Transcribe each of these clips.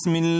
بسم الله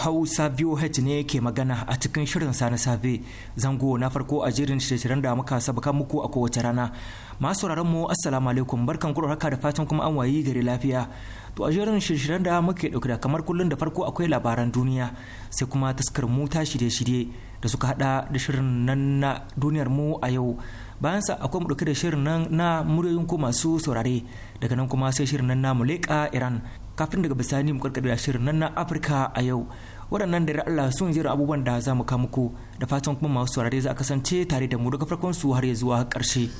Hausa VOH ne ke magana a cikin shirin sa na safe zango na farko a jirin shirye-shiryen da muka sabaka muku a kowace rana. Masu mu Assalamu alaikum barkan kuro haka da fatan kuma an wayi gari lafiya. To a jirin shirye-shiryen da muke dauke da kamar kullun da farko akwai labaran duniya sai kuma taskar mu ta shirye-shirye da suka hada da shirin nan na duniyar mu a yau. Bayan sa akwai mu dauke da shirin nan na muryoyin ku masu saurare daga nan kuma sai shirin nan na muleka Iran kafin daga bisani mu karkare shirin nan na Afirka a yau. waɗannan da Allah sun jira abubuwan da za mu kawo muku da fatan kuma masu saurare za a kasance tare da mu daga farkon su har ya zuwa ƙarshe.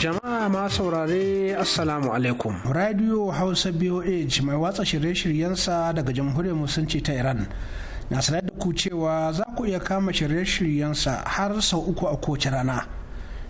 Jama'a ma saurare Assalamu alaikum. Radio Hausa BOH mai watsa shirye-shiryensa daga Jamhuriyar Musulunci ta Iran. Na sanar da ku cewa za ku iya kama shirye-shiryensa har sau uku a kowace rana.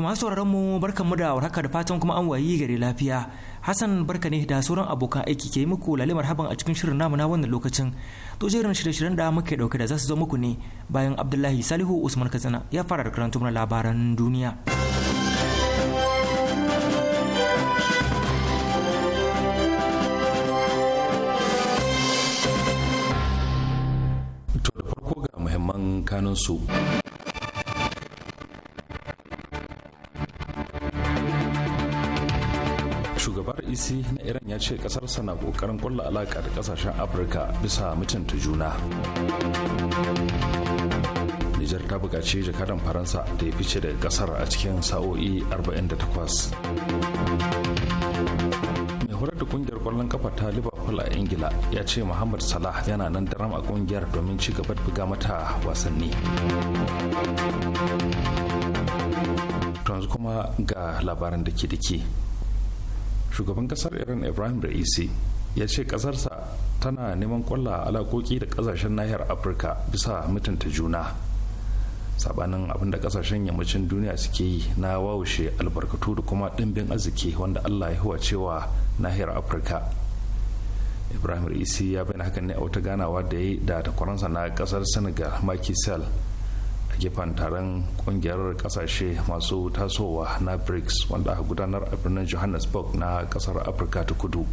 To masu sauraron mu barkan mu da warhaka da fatan kuma an wayi gari lafiya. Hassan barka ne da sauran abokan aiki ke muku lalimar haban a cikin shirin namu na wannan lokacin. To jerin shirye-shiryen da muke dauke da za su zo muku ne bayan Abdullahi Salihu Usman Katsina ya fara da na labaran duniya. To da farko ga muhimman kanunsu. shugabar ec na iran ya ce kasarsa na kokarin kulla alaka da kasashen afirka bisa mutunta juna nijar ta buƙaci jakadan faransa da ya fice daga kasar a cikin sa'o'i 48 mai horar da kungiyar kwallon kafa ta liverpool a ingila ya ce muhammad salah yana nan daram a kungiyar domin ci gaba da buga mata wasanni yanzu kuma ga labarin da ke da ke shugaban kasar iran ibrahim ra'isi ya ce kasarsa tana neman kwalla alakoki da kasashen nahiyar afirka bisa mutunta juna sabanin abin da kasashen yammacin duniya suke yi na wawushe albarkatu da kuma ɗimbin arziki wanda allah ya huwa cewa nahiyar afirka ibrahim isi ya bayyana hakan ne a wata ganawa da ya yi da takwaransa na ƙasar senegal macky sall gefen taron kungiyar kasashe masu tasowa na brics wanda aka gudanar a birnin johannesburg na kasar afirka ta kudu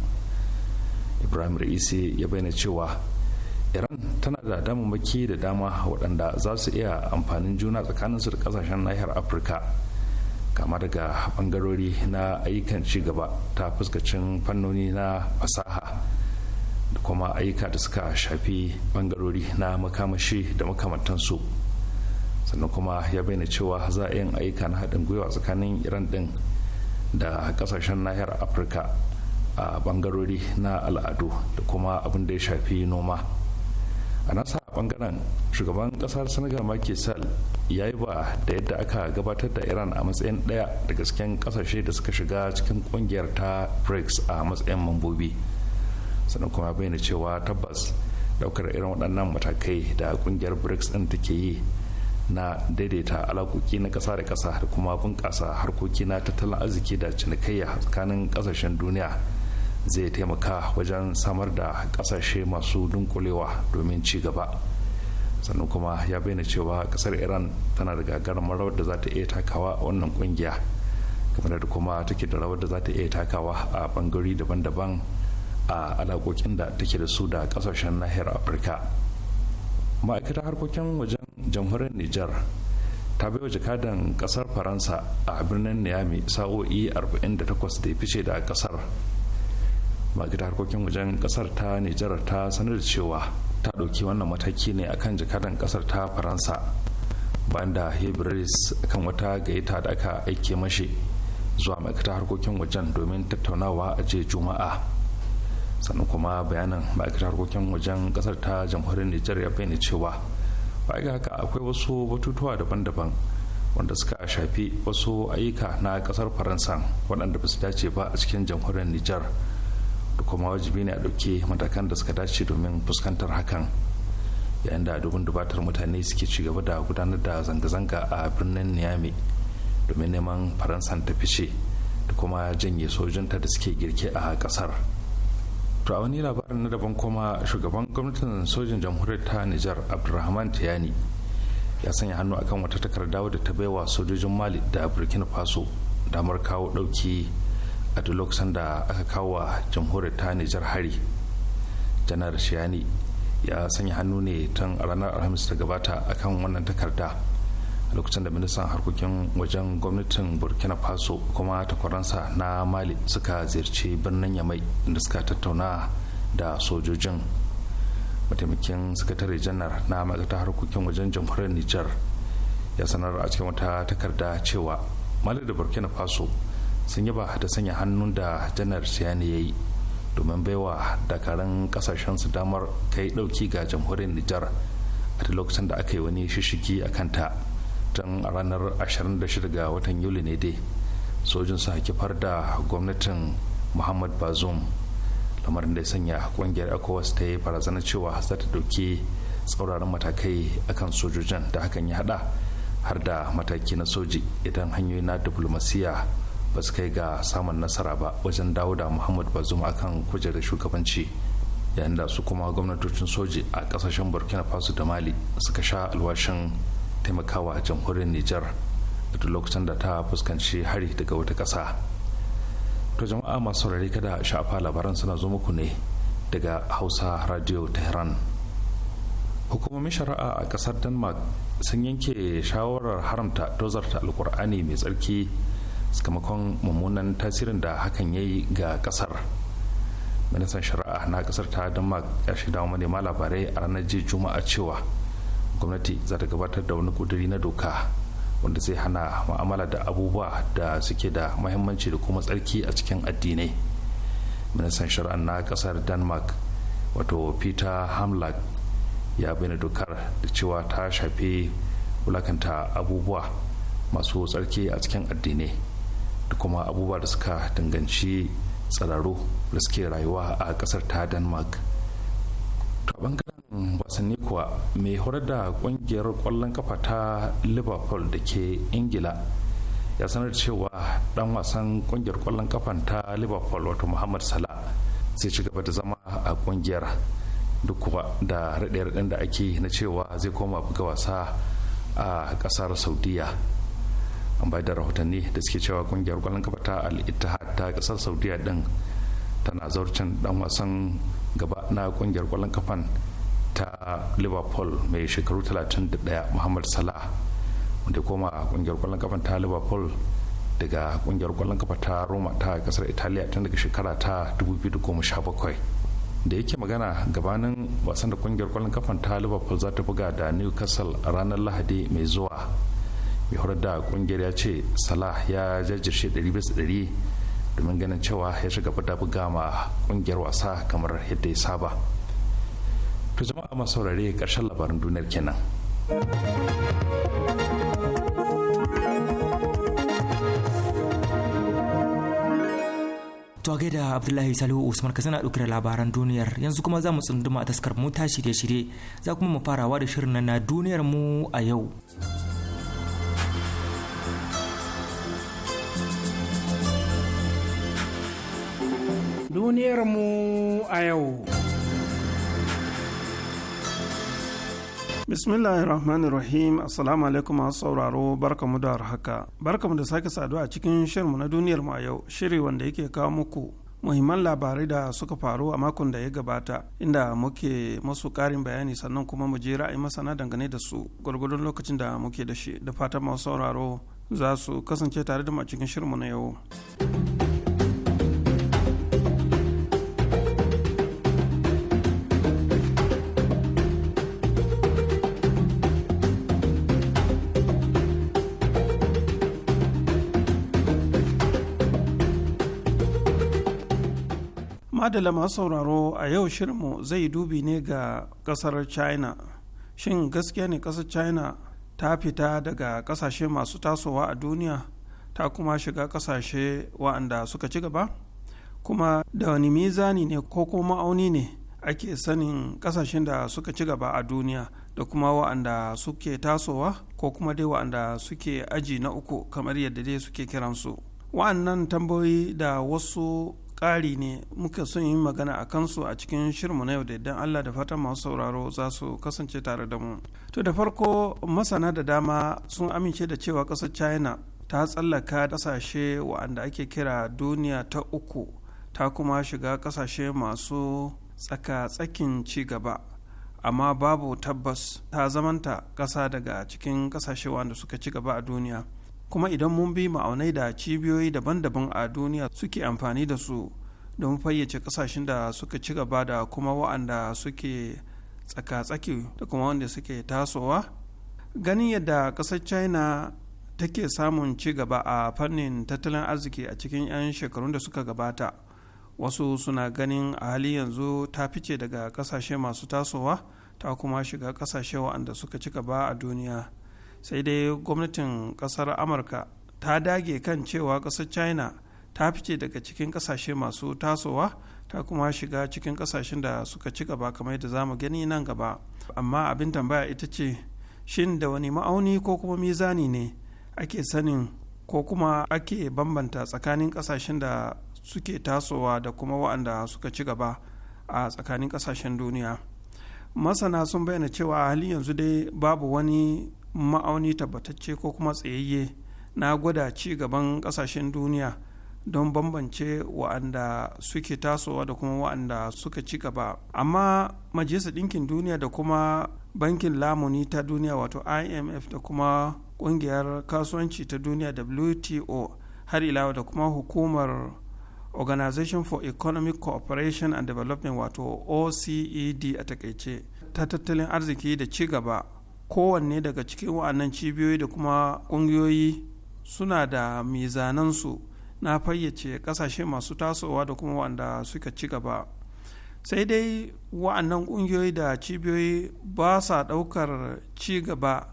ibrahim raisi ya bayyana cewa iran tana da damammaki da dama waɗanda za su iya amfanin juna tsakanin su da kasashen nahiyar afirka kama daga bangarori na ayyukan gaba ta fuskacin fannoni na fasaha da kuma ayyuka da suka shafi bangarori na makamashi da makamantansu sannan kuma ya bayyana cewa za a yin ayyukan na haɗin gwiwa tsakanin iran ɗin da ƙasashen nahiyar afirka a bangarori na al'adu da kuma abin da ya shafi noma a nasa bangaren shugaban ƙasar senegal Macky Sall ya yi ba da yadda aka gabatar da iran a matsayin ɗaya daga cikin ƙasashe da suka shiga cikin ƙungiyar ta brics a matsayin mambobi sannan kuma bayyana cewa tabbas ɗaukar irin waɗannan matakai da ƙungiyar brics ɗin take yi na daidaita alaƙoƙi na ƙasa da ƙasa da kuma bunƙasa harkoki na tattalin arziki da cinikayya tsakanin ƙasashen duniya zai taimaka wajen samar da ƙasashe masu dunkulewa domin ci gaba sannan kuma ya bayyana cewa ƙasar iran tana da gagarumin rawar da za ta iya takawa a wannan ƙungiya kamar da kuma take da rawar da za ta iya takawa a bangare daban-daban a alaƙoƙin da take da su da ƙasashen nahiyar afirka ma'aikatar harkokin wajen jamhuriyar niger ta bai wa jakadan kasar faransa a birnin niyami sa'o'i 48 da ya fice da kasar ma'aikata harkokin wajen kasar ta nijar ta sanar da cewa ta ɗauki wannan mataki ne akan jakadan kasar ta faransa bayan da hebrews kan wata gaita da aka aike mashi zuwa ma'aikata harkokin wajen domin tattaunawa a jiya juma'a sannan kuma bayanan ma'aikatar harkokin wajen kasar ta jamhuriyar nijar ya bayyana cewa baya haka akwai wasu batutuwa daban-daban wanda suka shafi wasu ayyuka na kasar faransa waɗanda ba su dace ba a cikin jamhuriyar nijar da kuma wajibi ne a ɗauke matakan da suka dace domin fuskantar hakan yayin da dubin dubatar mutane suke ci gaba da gudanar da zanga-zanga a birnin niamey domin neman faransan ta fice da kuma janye sojinta da suke girke a kasar. to a wani labarin na daban kuma shugaban gwamnatin sojin jamhuriyar ta nijar abdulrahman tiyani ya sanya hannu akan wata takarda da ta baiwa sojojin mali da burkina faso damar kawo dauki a duk lokacin da aka kawo wa jamhuriyar ta nijar hari janar shiyani ya sanya hannu ne tun ranar alhamis ta gabata akan wannan takarda lokacin da ministan harkokin wajen gwamnatin burkina faso kuma takwaransa na mali suka ziyarci birnin yamai da suka tattauna da sojojin mataimakin sakatare janar na ma'aikatar harkokin wajen jamhuriyar nijar ya sanar a cikin wata takarda cewa mali da burkina faso sun yaba da sanya hannun da janar siyani ya yi domin baiwa dakarun kasashen su damar kai dauki ga jamhuriyar nijar a lokacin da aka yi wani shishigi a kanta tun a ranar 26 ga watan yuli ne dai sojin su hakifar da gwamnatin muhammad bazoum lamarin da ya sanya kungiyar ecowas ta yi barazana cewa za ta tsauraran matakai akan sojojin da hakan ya haɗa har da mataki na soji idan hanyoyi na diplomasiya ba su kai ga samun nasara ba wajen dawo da muhammad bazoum akan kujerar shugabanci yayin da su kuma gwamnatocin soji a kasashen burkina faso da mali suka sha alwashin taimakawa jamhuriyar nijar duk lokacin da ta fuskanci hari daga wata ƙasa to jama'a masu saurari kada shafa labaran suna zo muku ne daga hausa radio tehran hukumomin shari'a a ƙasar denmark sun yanke shawarar haramta dozarta alkur'ani mai tsarki sakamakon mummunan tasirin da hakan ya yi ga ƙasar ministan shari'a na ƙasar ta denmark ya wa manema labarai a ranar jiya juma'a cewa gwamnati za ta gabatar da wani kuduri na doka wanda zai hana ma'amala da abubuwa da suke da mahimmanci da kuma tsarki a cikin addinai ministan shari'ar na kasar denmark wato peter hamlag ya bayyana dokar da cewa ta shafi wulakanta abubuwa masu tsarki a cikin addinai da kuma abubuwa da suka danganci tsararru da suke rayuwa a kasar ta denmark wasanni kuwa mai horar da kungiyar kwallon kafa ta liverpool da ke ingila ya sanar cewa dan wasan kungiyar kwallon kafan ta liverpool wato muhammad salah zai ci gaba da zama a kungiyar duk kuwa da raɗe-raɗen da ake na cewa zai koma buga wasa a ƙasar saudiya an bayar da rahotanni da suke cewa kungiyar kwallon kafa ta al-ittihad ta ƙasar saudiya din tana zaurcin dan wasan gaba na kungiyar kwallon kafan ta liverpool mai shekaru 31 muhammad salah wanda koma a kungiyar kwallon kafa ta liverpool daga kungiyar kwallon kafa ta roma ta kasar italiya tun daga shekara ta 2017 da yake magana gabanin wasan da kungiyar kwallon kafa ta liverpool za ta buga da newcastle a ranar lahadi mai zuwa mai horar da kungiyar ya ce salah ya jajirce 100 domin ganin cewa ya shiga buga ma kungiyar wasa kamar yadda ya saba to jama'a masu saurare karshen labarin duniyar kenan To da Abdullahi Salihu Usman ka sana ɗauki da labaran duniyar yanzu kuma za mu tsunduma a taskar mota shirye-shirye za kuma mu farawa da shirin na duniyar mu a yau. Duniyar mu a yau. bismillahi rahmanir rahim assalamu alaikum masu sauraro barkamu da haka barkamu da sake saduwa a cikin shirinmu na duniyar mu a yau shiri wanda yake kawo muku muhimman labarai da suka faru a makon da ya gabata inda muke masu karin bayani sannan kuma mu je ra'ayi masana dangane da su gwargwadon lokacin da muke da shi da fatan masu sauraro za su kasance tare da mu a cikin shirinmu na yau adala masu sauraro a yau shirinmu zai dubi ne ga kasar china shin gaskiya ne kasar china ta fita daga kasashe masu tasowa a duniya ta kuma shiga kasashe wa'anda suka ci gaba kuma da wani mizani ne ko kuma ma'auni ne ake sanin kasashen da suka ci gaba a duniya da kuma wa'anda suke tasowa ko kuma dai wa'anda suke aji na uku kamar yadda dai suke kiransu wa'annan tambayoyi da wasu ƙari ne muka son yi magana a kansu a cikin shirmu na yau da idan Allah da fatan masu sauraro za su kasance tare da mu. To da farko masana da dama sun amince da cewa ƙasar China ta tsallaka ƙasashe wa'anda ake kira duniya ta uku ta kuma shiga ƙasashe masu tsaka-tsakin ci gaba. Amma babu tabbas ta zamanta ƙasa daga cikin ƙasashe wanda suka ci gaba a duniya. kuma idan mun bi ma'aunai da cibiyoyi daban-daban a duniya suke amfani da su don fayyace kasashen da suka ci gaba da kuma wa'anda suke tsaka-tsaki da kuma wanda suke tasowa ganin yadda ƙasar china take samun ci gaba a fannin tattalin arziki a cikin 'yan shekarun da suka gabata wasu suna ganin a hali yanzu ta fice daga kasashe masu tasowa ta kuma shiga kasashe wa'anda suka ci gaba a duniya sai dai gwamnatin kasar amurka ta dage kan cewa kasar china ta fice daga cikin kasashe masu tasowa ta kuma shiga cikin kasashen da suka ci gaba kamar da za mu gani nan gaba amma abin tambaya ita ce shin da wani ma'auni ko kuma mizani ne ake sanin ko kuma ake bambanta tsakanin kasashen da suke tasowa da kuma waɗanda suka ci gaba a tsakanin kasashen duniya masana sun bayyana cewa a halin yanzu dai babu wani ma'auni tabbatacce ko kuma tsayayye na gwada ci gaban kasashen duniya don bambance wa'anda suke tasowa da kuma wa'anda suka ci gaba amma majalisar ɗinkin duniya da kuma bankin lamuni ta duniya wato imf da kuma ƙungiyar kasuwanci ta duniya wto har ilawa da kuma hukumar organization for economic cooperation and development wato oced a takaice ta tattalin arziki da ci gaba kowanne daga cikin wa'annan cibiyoyi da kuma ƙungiyoyi suna da mizanansu na fayyace ƙasashe masu tasowa da kuma wanda suka ci gaba sai dai wa'annan ƙungiyoyi da cibiyoyi ba sa ɗaukar ci gaba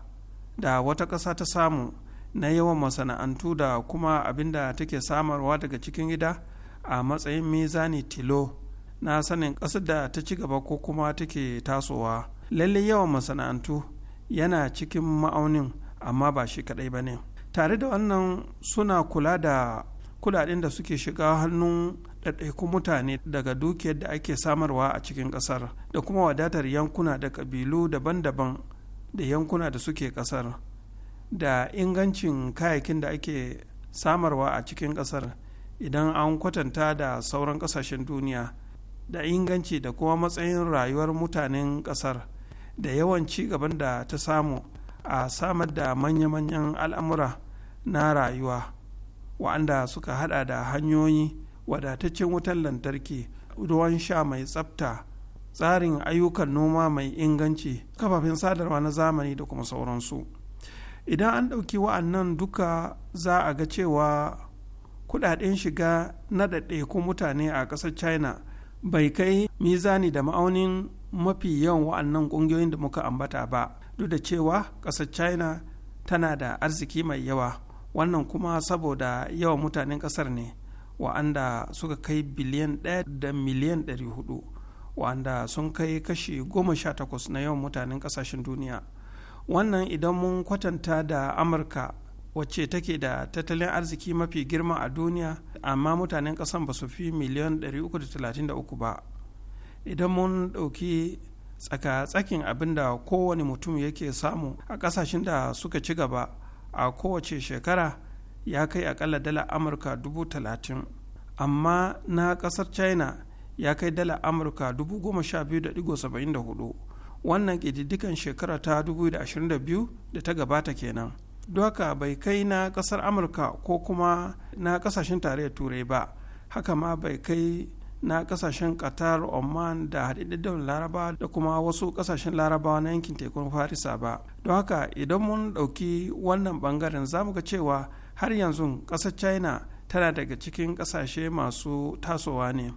da wata ƙasa ta samu na yawan masana'antu da kuma abin da take samarwa daga cikin gida a matsayin mizani tilo na sanin ƙasar da ta ci gaba ko kuma take tasowa lallai yawan masana'antu yana cikin ma'aunin amma ba shi kaɗai ba ne tare da wannan suna kula da kudaden da suke shiga hannun ɗaiɗaikun mutane daga dukiyar da ake samarwa a cikin ƙasar da kuma wadatar yankuna da ƙabilu daban-daban da yankuna da suke ƙasar da ingancin kayakin da ake samarwa a cikin ƙasar idan an kwatanta da sauran ƙasashen duniya da inganci da kuma matsayin rayuwar mutanen ƙasar da yawan ci gaban da ta samu a samar da manya-manyan al'amura na rayuwa wa'anda suka hada da hanyoyi wadataccen wutar lantarki ruwan sha mai tsafta tsarin ayyukan noma mai inganci kafafen sadarwa na zamani da kuma sauransu idan an ɗauki wa'annan duka za a ga cewa kudaden shiga na ɗaiɗaikun mutane a ƙasar china bai kai mizani da ma'aunin mafi yawan wa'annan ƙungiyoyin da muka ambata ba duk da cewa ƙasar china tana da arziki mai yawa wannan kuma saboda yawan mutanen ƙasar ne wa'anda suka kai biliyan ɗaya da miliyan ɗari hudu wa'anda sun kai kashi goma sha takwas na yawan mutanen ƙasashen duniya wannan idan mun kwatanta da amurka wacce take da tattalin arziki mafi girma a duniya amma mutanen ƙasan ba su fi miliyan uku ba idan mun ɗauki tsaka-tsakin abin da kowane mutum yake samu a ƙasashen da suka ci gaba a kowace shekara ya kai akalla dala amurka dubu talatin amma na ƙasar china ya kai dala amurka dubu goma sha biyu da digo saba'in da hudu wannan ƙididdikan shekara ta dubu da ashirin da biyu da ta gabata kenan haka bai kai na ƙasar amurka ko kuma na ƙasashen tarayyar turai ba haka ma bai kai na kasashen qatar oman da haɗaɗɗen laraba da kuma wasu kasashen larabawa na yankin tekun farisa ba don haka idan mun ɗauki wannan ɓangaren zamu ga cewa har yanzu ƙasar china tana daga cikin ƙasashe masu tasowa ne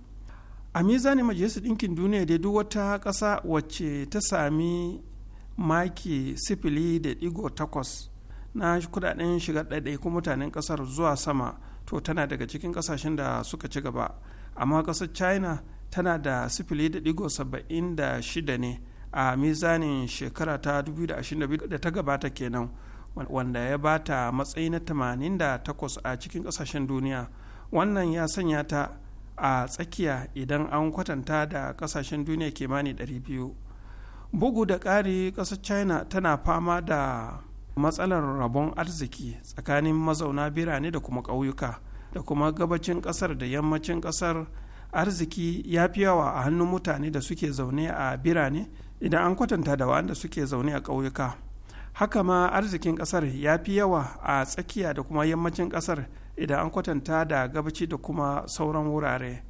a mizanin majalisar ɗinkin duniya da duk wata ƙasa wacce ta sami maki sifili da ɗigo takwas na kudaden shiga ɗaiɗaikun mutanen ƙasar zuwa sama to tana daga cikin ƙasashen da suka ci gaba amma ƙasar china tana da sifili da digo saba'in da shida ne a mizanin shekara ta 2022 da ta gabata kenan wanda ya bata matsayi na 88 a cikin ƙasashen duniya wannan ya sanya ta a tsakiya idan an kwatanta da ƙasashen duniya kimanin 200 bugu da ƙari ƙasar china tana fama da matsalar rabon arziki tsakanin mazauna birane da kuma ƙauyuka da kuma gabacin ƙasar da yammacin ƙasar arziki ya fi yawa a hannun mutane da suke zaune a birane idan an kwatanta da wanda suke zaune a ƙauyuka haka ma arzikin ƙasar ya fi yawa a tsakiya da kuma yammacin ƙasar idan an kwatanta da gabaci da kuma sauran wurare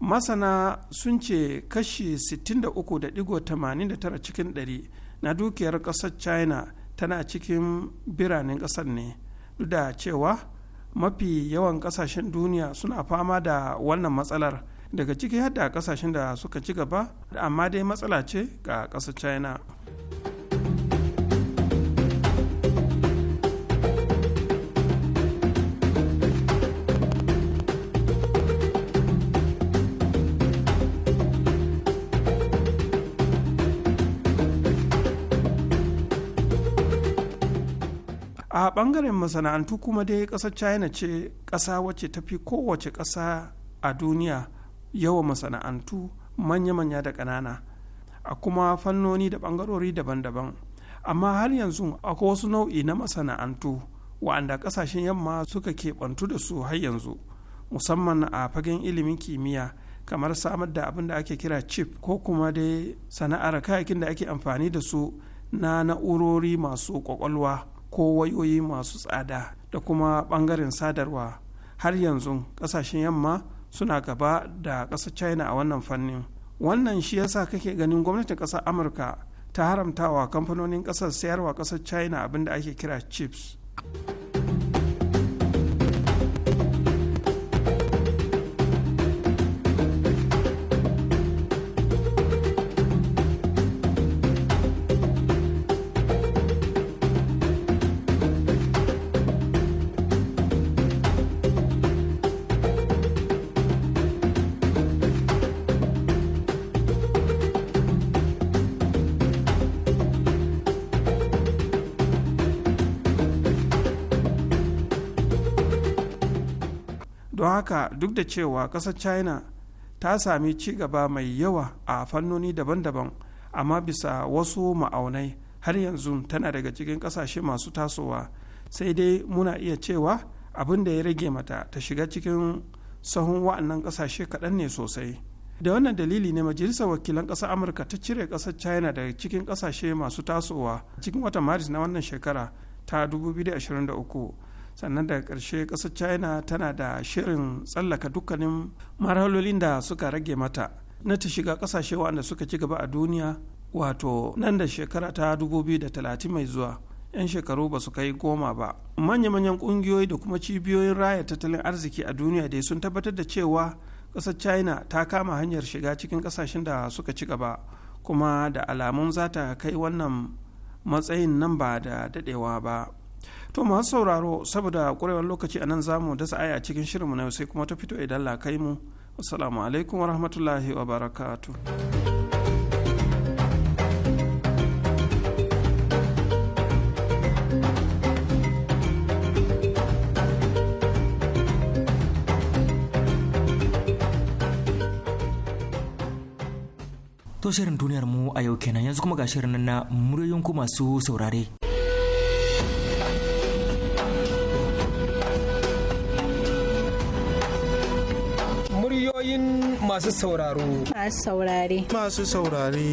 masana sun ce kashi 63.89 cikin 100 na dukiyar ƙasar china tana cikin biranen ƙasar ne duk da cewa mafi yawan kasashen duniya suna fama da wannan matsalar daga ciki hadda kasashen da suka ci gaba amma dai matsala ce ga ƙasar china a bangaren masana'antu kuma dai kasar china ce ƙasa wacce ta fi kowace ƙasa a duniya yawa masana'antu manya-manya da ƙanana a kuma fannoni da bangarori daban-daban amma har yanzu akwai wasu nau'i na masana'antu wa'anda ƙasashen yamma suka ke bantu da su har yanzu musamman a fagen ilimin kimiyya kamar samar da abin da ake kira chip ko kuma dai sana'ar kayakin da ake amfani da su na na'urori masu ƙwaƙwalwa ko wayoyi masu tsada da kuma bangaren sadarwa har yanzu kasashen yamma suna gaba da ƙasar china a wannan fannin wannan shi yasa kake ganin gwamnatin ƙasar amurka ta haramtawa kamfanonin ƙasar sayarwa ƙasar china abin da ake kira chips haka duk da cewa ƙasar china ta sami ci gaba mai yawa a fannoni daban-daban amma bisa wasu ma'aunai har yanzu tana daga cikin kasashe masu tasowa sai dai muna iya cewa abin da ya rage mata ta shiga cikin sahun wa'annan ƙasashe kaɗan ne sosai da wannan dalili ne majalisar wakilan ƙasar amurka ta cire kasar china daga cikin ƙasashe masu tasowa cikin watan maris na wannan shekara ta 2023 sannan daga karshe ƙasar china tana da shirin tsallaka dukkanin marhalolin da suka rage mata na ta shiga ƙasashe waɗanda suka ci gaba a duniya wato nan da shekara ta 2030 mai zuwa 'yan shekaru ba su kai goma ba manya-manyan ƙungiyoyi da kuma cibiyoyin raya tattalin arziki a duniya dai sun tabbatar da cewa ƙasar china ta kama hanyar shiga cikin ƙasashen da suka ci gaba kuma da alamun za ta kai wannan matsayin nan ba da daɗewa ba to masu sauraro saboda ƙwarewar lokaci a nan zamu dasa aya cikin shirinmu na yau sai kuma ta fito idan lakai kai mu assalamu alaikum wa rahmatullahi wa barakatu. To shirin duniyar mu a yau kenan yanzu kuma ga shirin na muryoyin ku masu saurare. masu sauraro. Masu saurare. Masu saurare.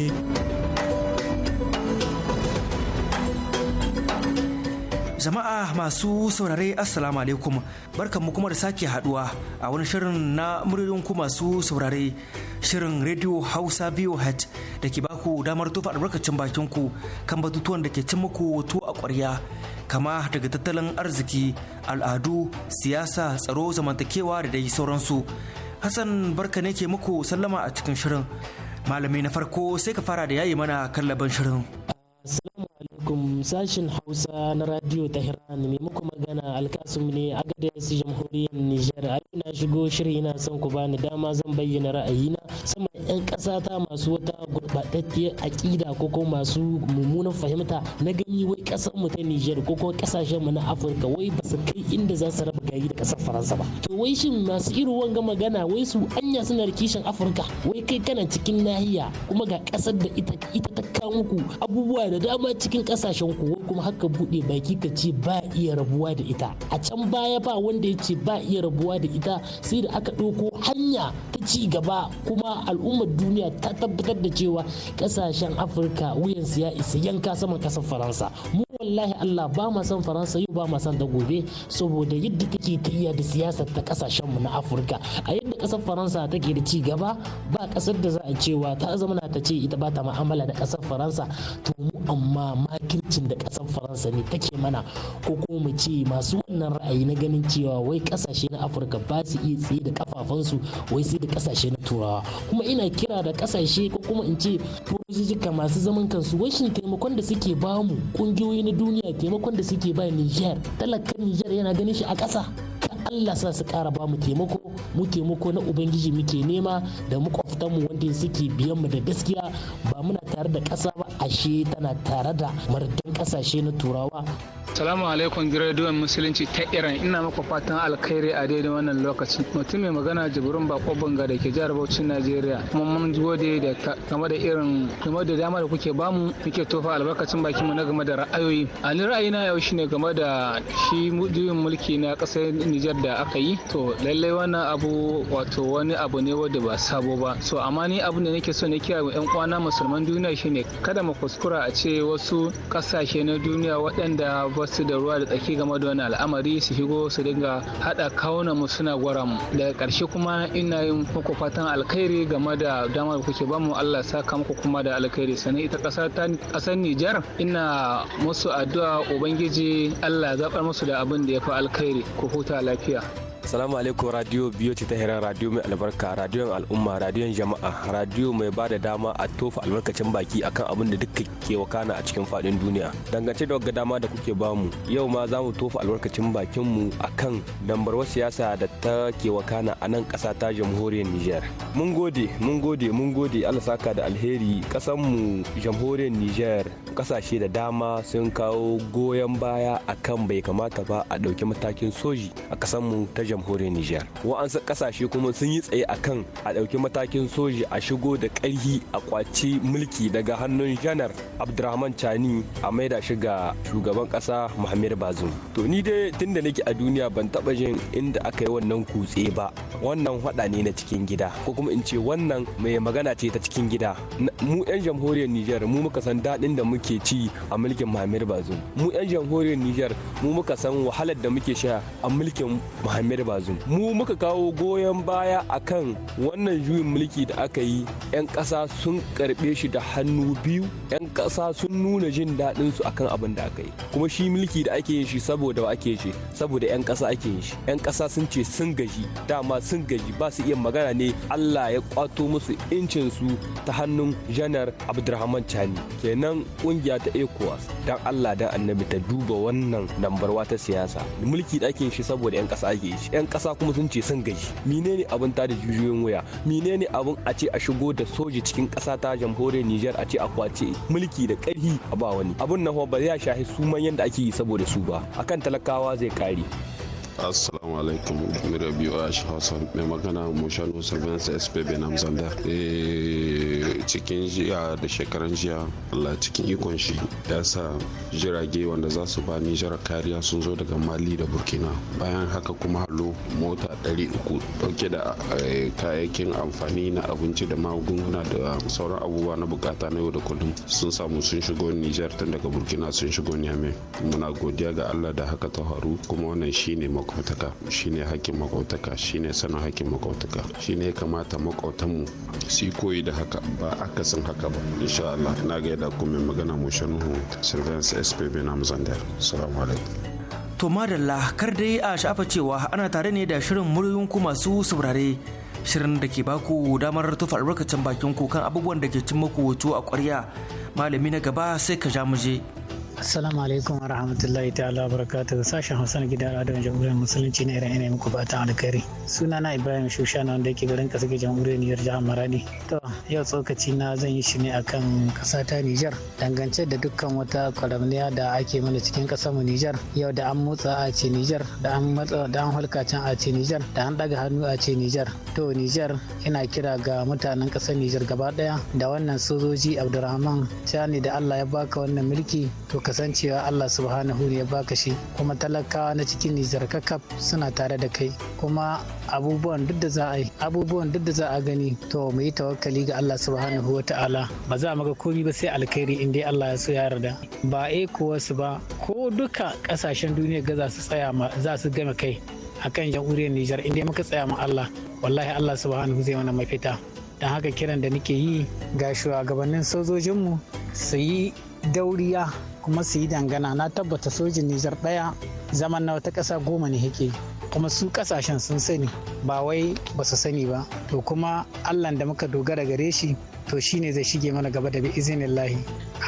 Jama'a masu saurare Assalamu alaikum barkanmu kuma da sake haduwa a wani shirin na muryoyin masu saurare shirin Radio Hausa hat da ke baku damar tufa albarkacin bakin ku kan batutuwan da ke cin muku wato a ƙwarya kama daga tattalin arziki, al'adu, siyasa, tsaro, zamantakewa da dai sauransu. Hassan barka ne ke muku sallama a cikin shirin. Malami na farko sai ka fara da yayi mana kallaban shirin. alaikum sashin Hausa na Radio Tehran mai muku magana alkasum ne a gadis jamhuriyar Nijar. A na shigo shirin ina son ku bani dama zan bayyana ra'ayina sama 'yan ƙasa ta masu wata a akida ko ko masu mummunan fahimta na gani wai kasar mu ta Nijar ko ko kasashen mu na Afirka wai ba su kai inda za su raba gayi da ƙasar Faransa ba. To wai shin masu irin wanga magana wai su anya suna rikishin Afirka wai kai kana cikin nahiya kuma ga ƙasar da ita ta kawo muku abubuwa da dama cikin ƙasa kasashen ku kuma haka bude baki ka ce ba iya rabuwa da ita a can baya ba wanda ya ce ba iya rabuwa da ita sai da aka ɗauko hanya ta ci gaba kuma al'ummar duniya ta tabbatar da cewa kasashen afirka wuyansu ya isa yanka saman kasar faransa mu wallahi allah ba ma san faransa yau ba ma san da gobe saboda yadda take iya da siyasar ta kasashen mu na afirka a yadda kasar faransa take da ci gaba ba kasar da za a cewa ta na ta ce ita ba ta ma'amala da kasar faransa to amma makircin da kasar faransa ne take mana ko kuma mu ce masu wannan ra'ayi na ganin cewa wai kasashe na afirka ba su iya tsaye da kafafunsu wai sai da kasashe na turawa kuma ina kira da kasashe ko kuma in ce turojijika masu zaman kansu washin taimakon da suke bamu mu ƙungiyoyi na duniya taimakon da suke ba niger talakan niger yana ganin shi a kasa. Allah sa su kara ba mu taimako mu taimako na ubangiji muke nema da mu wanda suke biyan mu da gaskiya ba muna tare da kasa ba ashe tana tare da mardan ƙasashe na turawa Salamu alaikum giradiyon musulunci ta Iran ina maka fatan alkhairi a daidai wannan lokaci. Mutum mai magana jibirin bako banga da ke jihar Bauchi Najeriya kuma mun gode da game da irin game da dama da kuke bamu kike tofa albarkacin bakin mu na game da ra'ayoyi. A ni ra'ayina yau shine game da shi juyin mulki na ƙasar Nijar tafiyar da aka yi to lallai wannan abu wato wani abu ne wanda ba sabo ba so amma ni abin da nake so ne kira yan kwana musulman duniya shine kada mu kuskura a ce wasu kasashe na duniya waɗanda ba su da ruwa da tsaki game da wani al'amari su shigo su dinga haɗa kawunan mu suna gwara mu daga ƙarshe kuma ina yin muku fatan alkhairi game da damar kuke bamu Allah saka muku kuma da alkhairi sannan ita ƙasar ta ƙasar Nijar ina musu addu'a ubangiji Allah zaɓar musu da abin da ya fi alkhairi ku huta lafiya here. Assalamu alaikum radio biyo ta hira radio mai albarka radiyon al'umma radiyon jama'a radio mai ba da dama a tofa albarkacin baki akan abin da duka ke wakana a cikin fadin duniya. Dangance da wagga dama da kuke bamu yau ma za mu tofa albarkacin bakin mu akan dambarwar siyasa da ta ke wakana a nan kasa ta jamhuriyar Nijar. Mun gode mun gode mun gode Allah saka da alheri kasan mu jamhuriyar Nijar kasashe da dama sun kawo goyon baya akan bai kamata ba a ɗauki matakin soji a kasan mu ta jamhuriyar Nijar. Wa'ansu kasashe kuma sun yi tsaye a kan a ɗauki matakin soji a shigo da ƙarhi a mulki daga hannun janar abdulrahman Chani a maida shi ga shugaban ƙasa Muhammad Bazoum. To ni dai tunda nake a duniya ban taɓa jin inda aka yi wannan kutse ba. Wannan haɗa ne na cikin gida ko kuma in ce wannan mai magana ce ta cikin gida. Mu 'yan jamhuriyar Nijar mu muka san daɗin da muke ci a mulkin Muhammad Bazoum. Mu 'yan jamhuriyar Nijar mu muka san wahalar da muke sha a mulkin Muhammad da Bazum mu muka kawo goyon baya akan wannan juyin mulki da aka yi 'yan kasa sun karbe shi da hannu biyu 'yan ƙasa sun nuna jin daɗin su akan abin da aka yi kuma shi mulki da ake yin shi saboda ake shi saboda 'yan kasa ake yin shi 'yan ƙasa sun ce sun gaji dama sun gaji ba su iya magana ne Allah ya kwato musu incin su ta hannun janar Abdulrahman Chani kenan kungiya ta ECOWAS dan Allah dan annabi ta duba wannan lambarwa ta siyasa mulki da ake yin shi saboda 'yan ƙasa ake yin shi 'yan ƙasa kuma sun ce sun gaji menene abin ta da jijiyoyin wuya menene abin a ce a shigo da soji cikin kasa ta jamhuriyar niger a ce a kwace mulki da ƙarfi a ba wani abin na ba zai shahi su manyan ake yi saboda su ba akan talakawa zai kare assalamu alaikum murya biyu a hausa mai magana motion surveillance sp benam zanda eh, cikin jiya da shekaran jiya allah cikin ikon shi ya sa jirage wanda za su ba nijar kariya sun zo daga mali da burkina bayan haka kuma halo mota 300 dauke da eh, kayayyakin amfani na abinci da magunguna da sauran abubuwa na bukata na yau da kullum sun samu sun shigo nijar tun daga burkina sun shigo niamey muna godiya ga allah da haka ta faru kuma wannan shine makwataka shine hakkin makwataka shine sanin hakkin makwataka shine ya kamata makwatanmu su koyi da haka ba akasin haka ba insha Allah na ga yadda kuma magana mu shanuhu surveillance SPB na Mozambique salamu alaikum to madalla kar dai a shafa cewa ana tare ne da shirin muryoyin ku masu saurare shirin da ke baku damar tufa albarkacin bakin ku kan abubuwan da ke cin muku a ƙwarya malami na gaba sai ka ja muje. Assalamu alaikum wa rahmatullahi ta'ala barakatuh sashen Hausa na gidan radon jamhuriyar musulunci na irin ina muku ta alkari Suna na Ibrahim Shushana wanda yake garin ga jamhuriyar Nijar jihar Maradi. To yau tsokaci na zan yi shi ne akan kasa ta Nijar dangance da dukkan wata kwaramniya da ake mana cikin kasar mu Nijar yau da an motsa a ce niger da an matsa da an hulka can a ce Nijar da an daga hannu a ce Nijar. To Niger ina kira ga mutanen kasar Niger gaba daya da wannan sojoji Abdulrahman Chani da Allah ya baka wannan mulki to cewa Allah subhanahu ya baka shi kuma talakawa na cikin Nijar kakaf suna tare da kai kuma abubuwan duk da za a yi abubuwan duk da za a gani to mu yi tawakkali ga Allah subhanahu ta'ala ba za mu ga komi ba sai alkhairi inda Allah ya so ya yarda ba a kuwa su ba ko duka kasashen duniya ga za su tsaya ma za su gama kai akan jamhuriyar Nijar inda muka tsaya ma Allah wallahi Allah subhanahu zai mana mafita dan haka kiran da nake yi ga shugabannin sojojinmu su yi dauriya kuma su yi dangana na tabbata sojin nijar ɗaya zaman na wata ƙasa goma ne yake kuma su ƙasashen sun sani ba wai ba su sani ba to kuma allah da muka dogara gare shi to shine zai shige mana gaba da bi izinin lahi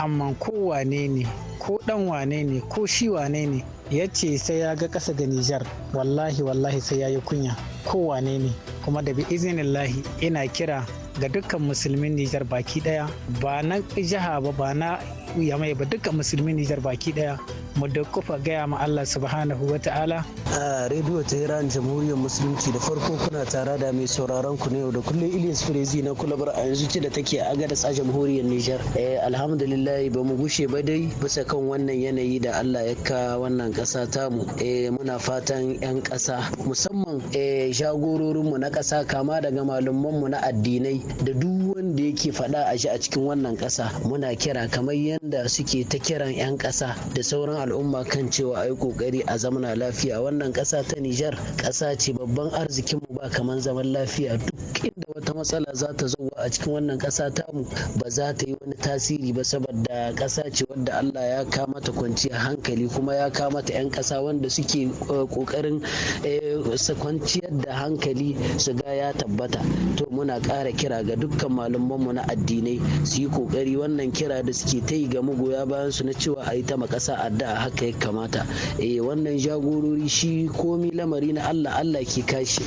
amma ko wane ne ko ɗan wane ne ko shi wane ne ya ce sai ya ga ƙasa da Nijar wallahi wallahi sai ya yi kunya wane ne kuma da bi izinin lahi ina kira ga dukkan musulmin Nijar baki ɗaya ba na jiha ba ba na ya mai ba dukkan musulmi Nijar baki daya mu da kufa gaya ma Allah subhanahu wa ta'ala. A Radio ta Iran jamhuriyar musulunci da farko kuna tare da mai sauraron ku ne yau da kullum Ilyas Firezi na kulabar a yanzu ce da take a gada a jamhuriyar Nijar. Eh, alhamdulillah ba mu gushe ba dai bisa kan wannan yanayi da Allah ya ka wannan ƙasa tamu. Eh, muna fatan 'yan ƙasa musamman eh, mu na kasa kama daga mu na addinai da duk wanda yake faɗa a shi a cikin wannan ƙasa muna kira kamar yanda suke ta kiran 'yan kasa da sauran al'umma kan cewa ai kokari a zamana lafiya wannan ƙasa ta Nijar ƙasa ce babban arzikin ba kamar zaman lafiya duk inda wata matsala za ta zo a cikin wannan ƙasa tamu ba za ta yi wani tasiri ba saboda ƙasa ce wadda Allah ya kama ta kwanciyar hankali kuma ya kama ta 'yan ƙasa wanda suke eh, ƙoƙarin eh, su kwanciyar da hankali su ga ya tabbata to muna ƙara kira ga dukkan malamanmu na addinai su yi ƙoƙari wannan kira da suke ta yi ga magoya bayan su na cewa a yi ta ma makasa addu'a haka ya kamata eh wannan jagorori shi komi lamari na Allah Allah ke kashi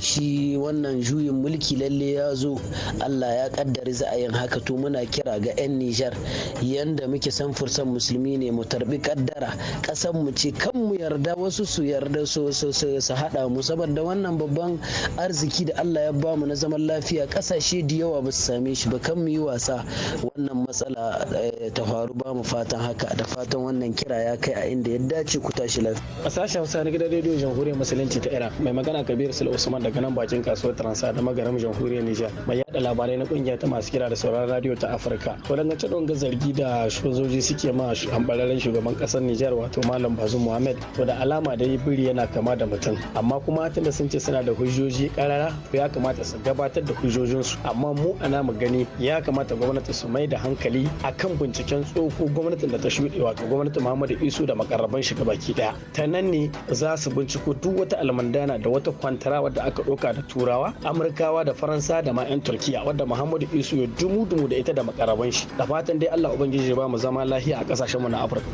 shi wannan juyin mulki lalle ya zo allah ya kaddari za a yin haka to muna kira ga 'yan nijar yadda muke san fursan musulmi ne mu tarbi kaddara kasan mu ce kan mu yarda wasu su yarda su su hada mu saboda wannan babban arziki da allah ya bamu na zaman lafiya kasashe da yawa ba su same shi ba kan mu yi wasa wannan matsala eh, ta faru ba mu fatan haka da fatan wannan kira ya kai a inda ya dace ku tashi lafiya a sashen hausa na gidan rediyo jamhuriyar musulunci ta iran mai magana kabiru Sule Usman daga nan bakin kasuwar Transa da magaram jamhuriyar Nijar. Mai yada labarai na kungiyar ta masu kira da sauran radio ta Afirka. gace don zargi da sojoji suke ma ambararren shugaban kasar Nijar wato Malam Bazoum Muhammad to da alama da yi biri yana kama da mutum. Amma kuma tunda sun ce suna da hujjoji karara ya kamata su gabatar da hujjojin su Amma mu ana mu gani ya kamata gwamnati su mai da hankali akan binciken tsoko gwamnatin da ta shuɗe wato gwamnatin Muhammadu Isu da makarraban shi gabaki daya. Ta nan ne za su binciko duk wata almandana da wata kwantara saurara wadda aka ɗauka ta turawa amurkawa da faransa da ma 'yan turkiya wadda muhammadu isu ya dumu dumu da ita da makaraban shi da fatan dai allah ubangiji ba mu zama lahiya a kasashen mu na afirka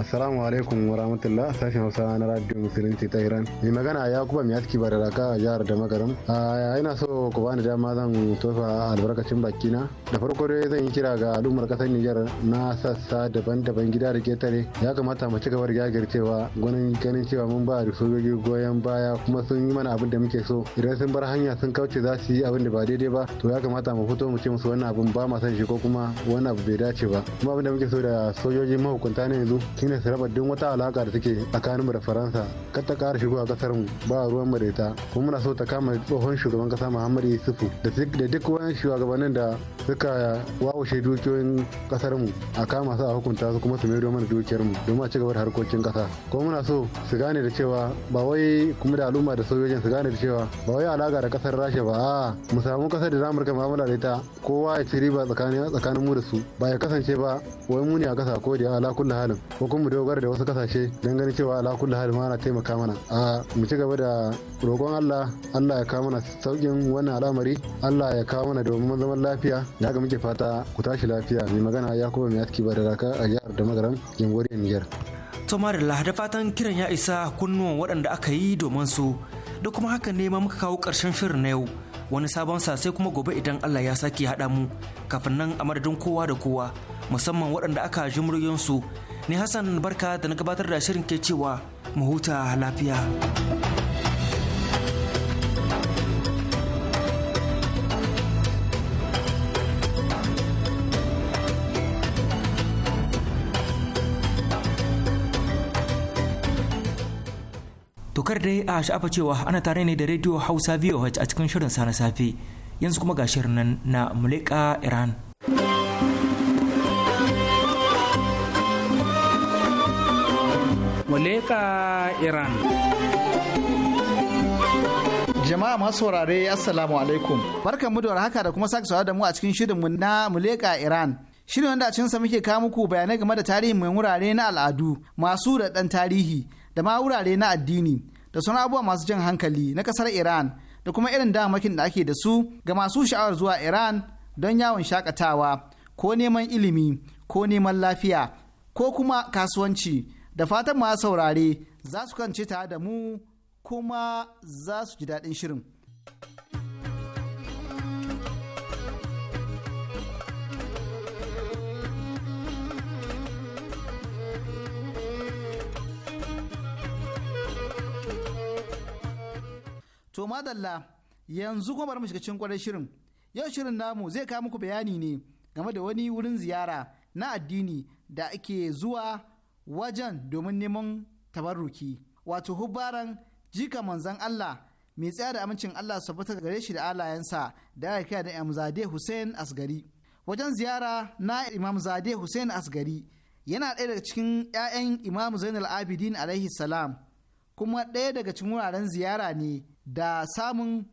assalamu alaikum wa rahmatullah sashen hausa na radio musulunci ta iran mai magana ya kuma mai aski bara raka a jihar da magaram a ina so ku bani dama zan tofa albarkacin bakina da farko dai zan yi kira ga al'ummar kasar nijar na sassa daban-daban gida da ketare ya kamata mu ci gaba da cewa gwanin ganin cewa mun ba da sojoji goyon baya kuma sun yi mana abin da muke so idan sun bar hanya sun kauce za su yi abin da ba daidai ba to ya kamata mu fito mu ce musu wannan abin ba ma san shi ko kuma wannan abu bai dace ba kuma abin da muke so da sojoji mahukunta ne yanzu shine su raba duk wata alaka da take tsakanin mu da faransa kar ta kara shigo a kasar mu ba ruwan mu da ita kuma muna so ta kama tsohon shugaban kasa muhammadu yusufu da duk wani shugabannin da suka wawashe dukiyoyin kasar mu a kama su a hukunta su kuma su mai mana dukiyar mu domin a ci gaba da harkokin kasa kuma muna so su gane da cewa ba wai kuma da al'umma da sojojin su gane da cewa ba wai alaka da kasar rasha ba a'a mu samu kasar da zamu rika mu'amala da ita kowa ya ci riba tsakanin mu da su ba ya kasance ba wai mu ne a kasa ko da ala kullu halin kun mu dogara da wasu kasashe don ganin cewa ala kulli hal taimaka mana a mu ci gaba da roƙon Allah Allah ya kawo mana saukin wannan al'amari Allah ya kawo mana domin zaman lafiya da haka muke fata ku tashi lafiya mai magana ya kuma mai aski ba da raka a jihar da magaran jamhuriyar Niger to da da fatan kiran ya isa kunnuwan waɗanda aka yi domin su da kuma haka ne ma muka kawo ƙarshen shirin na yau wani sabon sa sai kuma gobe idan Allah ya sake haɗa mu kafin nan a madadin kowa da kowa musamman waɗanda aka ji muryoyinsu su Ni Hassan barka da na gabatar da shirin ke cewa mu huta lafiya. Tokar dai a sha'afa cewa ana tare ne da rediyo Hausa VOH a cikin shirin sa na safe yanzu kuma ga shirin nan na Muleka Iran. muleka iran jama'a masu saurare assalamu alaikum barkan mu da haka da kuma sake saurare da mu a cikin shirinmu na muleka iran shirin wanda a sa muke kawo muku bayanai game da tarihin mai wurare na al'adu masu da dan tarihi da ma wurare na addini da sauran abubuwa masu jan hankali na kasar iran da kuma irin damakin da ake da su ga masu sha'awar zuwa iran don yawon shakatawa ko neman ilimi ko neman lafiya ko kuma kasuwanci da fatan ma saurare za su kance tare da mu kuma za su ji daɗin shirin. To madalla yanzu kuma bari mu shiga cikin kwarar shirin. Yau shirin namu zai kawo muku bayani ne game da wani wurin ziyara na addini da ake zuwa wajen domin neman tabarruki wato hubaran jika manzan Allah mai tsaya da amincin Allah su fita gare shi da alayensa da aka kira da Zade Hussein Asgari wajen ziyara na Zade Hussein Asgari yana ɗaya daga cikin 'ya'yan Imam Zainal Abidin alaihi salam kuma ɗaya daga cikin wuraren ziyara ne da samun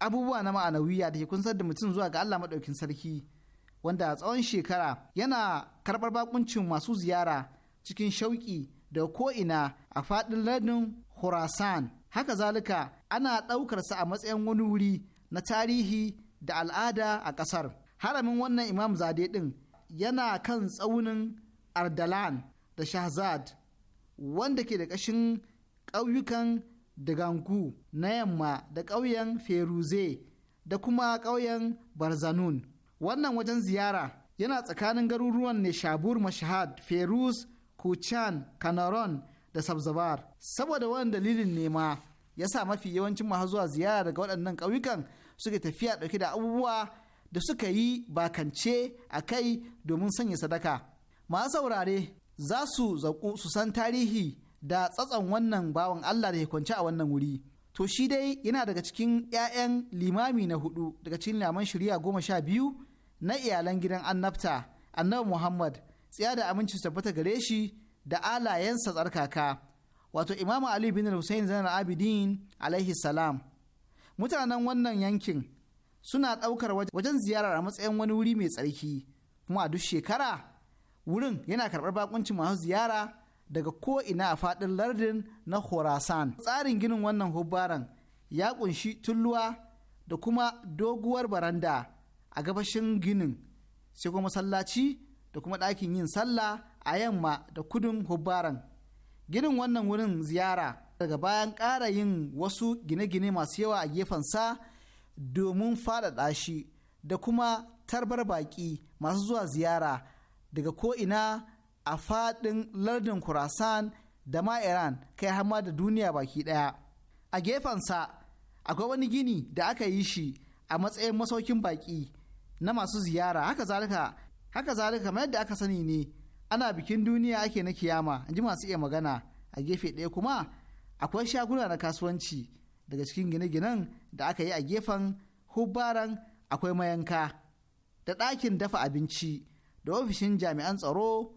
abubuwa na ma'anawiya da ke kunsar da mutum zuwa ga Allah maɗaukin sarki wanda a tsawon shekara yana karɓar bakuncin masu ziyara cikin shauƙi da ko'ina a faɗin lardin Khurasan. Haka zalika ana ɗaukarsa a matsayin wani wuri na tarihi da al'ada a ƙasar. Haramin wannan Imam Zade ɗin yana kan tsaunin Ardalan da Shahzad wanda ke da ƙashin ƙauyukan Dagangu na yamma da ƙauyen Feruze da kuma ƙauyen Barzanun. Wannan wajen ziyara yana tsakanin garuruwan Neshabur Mashahad, Feruz kuchan kanaron da sabzabar saboda wani dalilin nema ya sa mafi yawancin masu zuwa ziyara daga waɗannan ƙauyukan suke tafiya ɗauke da abubuwa da suka yi bakance a kai domin sanya sadaka masu saurare za su zaƙu su san tarihi da tsatson wannan bawan Allah da ya kwance a wannan wuri to shi dai yana daga cikin 'ya'yan limami na hudu daga cikin laman shari'a goma sha biyu na iyalan gidan annabta annabi muhammad tsaya da aminci su tabbata gare shi da alayensa tsarkaka wato imamu ali bin hussein zanar abidin alaihi salam mutanen wannan yankin suna ɗaukar wajen ziyarar a matsayin wani wuri mai tsarki kuma a duk shekara wurin yana karɓar bakuncin masu ziyara daga ko ina a faɗin lardin na Khorasan. Tsarin ginin wannan hubbaran ya ƙunshi tulluwa da kuma doguwar baranda a gabashin ginin, sai kuma masallaci da kuma ɗakin yin sallah a yamma da kudin hubbaran ginin wannan wurin ziyara daga bayan ƙara yin wasu gine-gine masu yawa a gefensa domin faɗaɗa shi da kuma tarbar baƙi masu zuwa ziyara daga ko'ina a faɗin lardin kurasan da ma Iran kai hama da duniya baki ɗaya. A gefensa akwai wani gini da aka yi shi a matsayin masaukin baƙi na masu ziyara haka zalika haka zalika kamar yadda aka sani ne ana bikin duniya ake na kiyama in ji masu iya magana a gefe ɗaya kuma akwai shaguna na kasuwanci daga cikin gine-ginen da aka yi a gefen hubbaran akwai mayanka da ɗakin dafa abinci da ofishin jami'an tsaro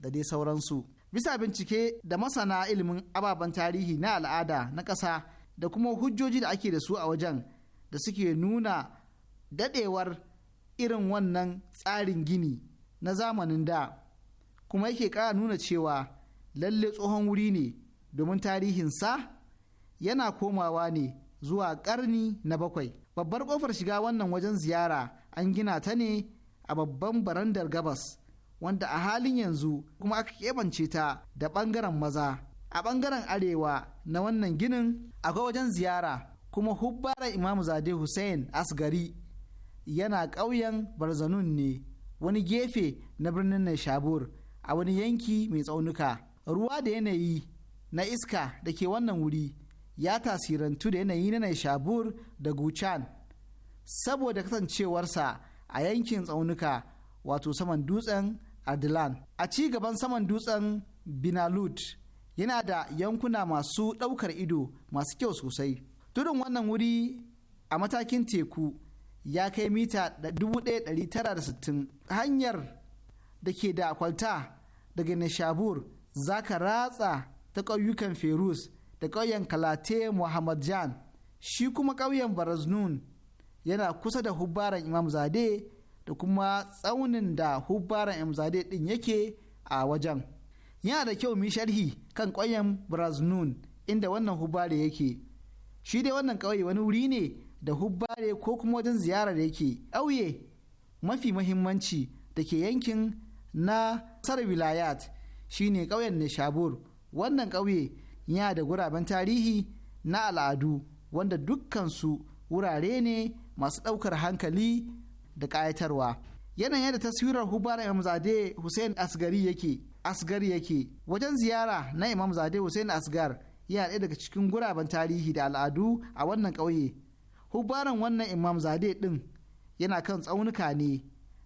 da dai sauransu bisa bincike da masana ilimin ababen tarihi na al'ada na ƙasa da kuma hujjoji da ake da su a wajen da suke nuna daɗewar. irin wannan tsarin gini na zamanin da kuma yake ƙara nuna cewa lalle tsohon wuri ne domin tarihinsa yana komawa ne zuwa ƙarni na bakwai babbar ƙofar shiga wannan wajen ziyara an gina ta ne a babban barandar gabas wanda a halin yanzu kuma aka keɓance ta da ɓangaren maza a ɓangaren arewa na wannan ginin akwai wajen ziyara kuma hubbara imamu zade hussein asgari yana ƙauyen barzanun ne wani gefe na birnin Neshabur a wani yanki mai tsaunuka. Ruwa da yanayi na iska da ke wannan wuri ya tasirantu da yanayi na Neshabur da Guchan saboda kasancewarsa a yankin tsaunuka wato saman dutsen Ardilan. A ci gaban saman dutsen Binalud yana da yankuna masu ɗaukar ido masu kyau sosai. Tudun wannan wuri a matakin teku ya kai mita 1960 hanyar da ke da akwalta daga nishabur za ka ratsa ta ƙauyukan ferus da ƙauyen kalate muhammad jan shi kuma ƙauyen baraznun yana kusa da hubbaran imam zade da kuma tsaunin da hubbaran imam zade ɗin yake a wajen yana da kyau sharhi kan ƙauyen baraznun inda wannan hubare yake shi dai wannan ƙauye wani wuri ne da hubbare ko kuma wajen ziyara da yake ƙauye mafi mahimmanci da ke yankin na sar wilayat shine ƙauyen nishabur wannan ƙauye yana da guraben tarihi na al'adu wanda dukkansu wurare ne masu ɗaukar hankali da ƙayatarwa yanayin yadda taswirar hubbare zade hussein asgari yake asgar yake wajen ziyara na Imam zade hussein asgar yana ɗaya daga cikin guraben tarihi da al'adu a wannan ƙauye hubaran wannan imam zade ɗin yana kan tsaunuka ne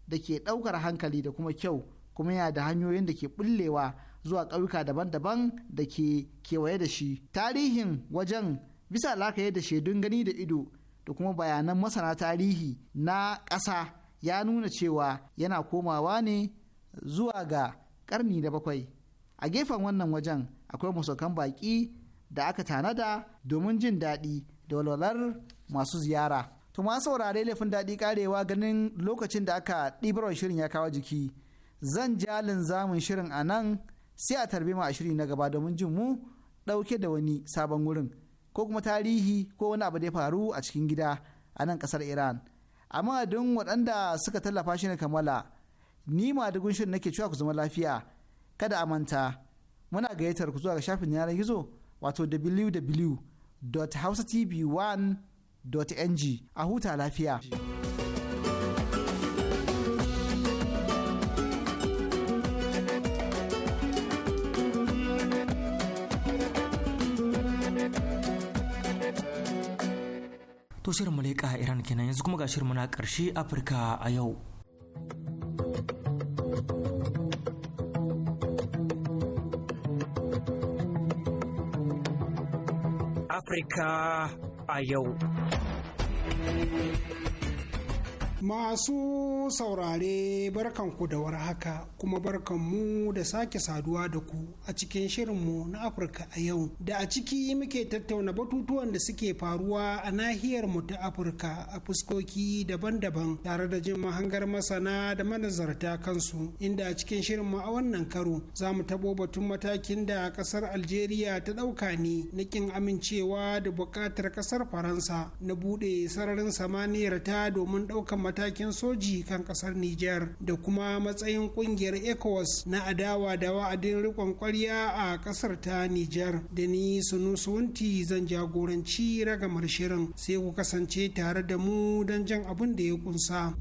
da ke ɗaukar hankali da kuma kyau kuma yana da hanyoyin da ke bullewa zuwa ƙauyuka daban-daban da ke kewaye da shi tarihin wajen bisa lakaye da shaidun gani da ido da kuma bayanan masana tarihi na ƙasa ya nuna cewa yana komawa ne zuwa ga ƙarni da bakwai a gefen wannan wajen akwai masaukan baƙi da aka tanada domin jin daɗi da walwalar masu ziyara. To masu saurare laifin daɗi karewa ganin lokacin da aka ɗibarwa shirin ya kawo jiki. Zan ja linzamin shirin a nan sai a tarbe mu a shiri na gaba domin jin mu ɗauke da wani sabon wurin ko kuma tarihi ko wani abu da ya faru a cikin gida a nan ƙasar Iran. Amma don waɗanda suka tallafa shi ne kammala ni ma dugun shirin nake cewa ku zama lafiya kada a manta muna gayyatar ku zuwa ga shafin yanar gizo wato www.hausatv1 ng a huta lafiya. To shirin Malika Iran kenan yanzu kuma ga shirin na ƙarshe Afirka a yau. Afirka 哎呦！Masu saurare barkan ku da war haka kuma mu da sake saduwa da ku a cikin shirin mu na Afirka a yau da a ciki muke tattauna batutuwan da suke faruwa a nahiyar mu ta Afirka a fuskoki daban-daban tare da jin mahangar masana da manazarta kansu inda a cikin shirinmu a wannan karo za mu tabo batun matakin da kasar Algeria ta ɗauka ne na kin amincewa da buƙatar kasar Faransa na buɗe sararin samaniyar ta domin ɗaukar matakin soji kan kasar Nijar da kuma matsayin kungiyar ECOWAS na adawa da wa'adin rikon kwarya a kasar ta Nijar da ni sunusunti zan jagoranci ragamar shirin sai ku kasance tare da mu don jan abin da ya kunsa.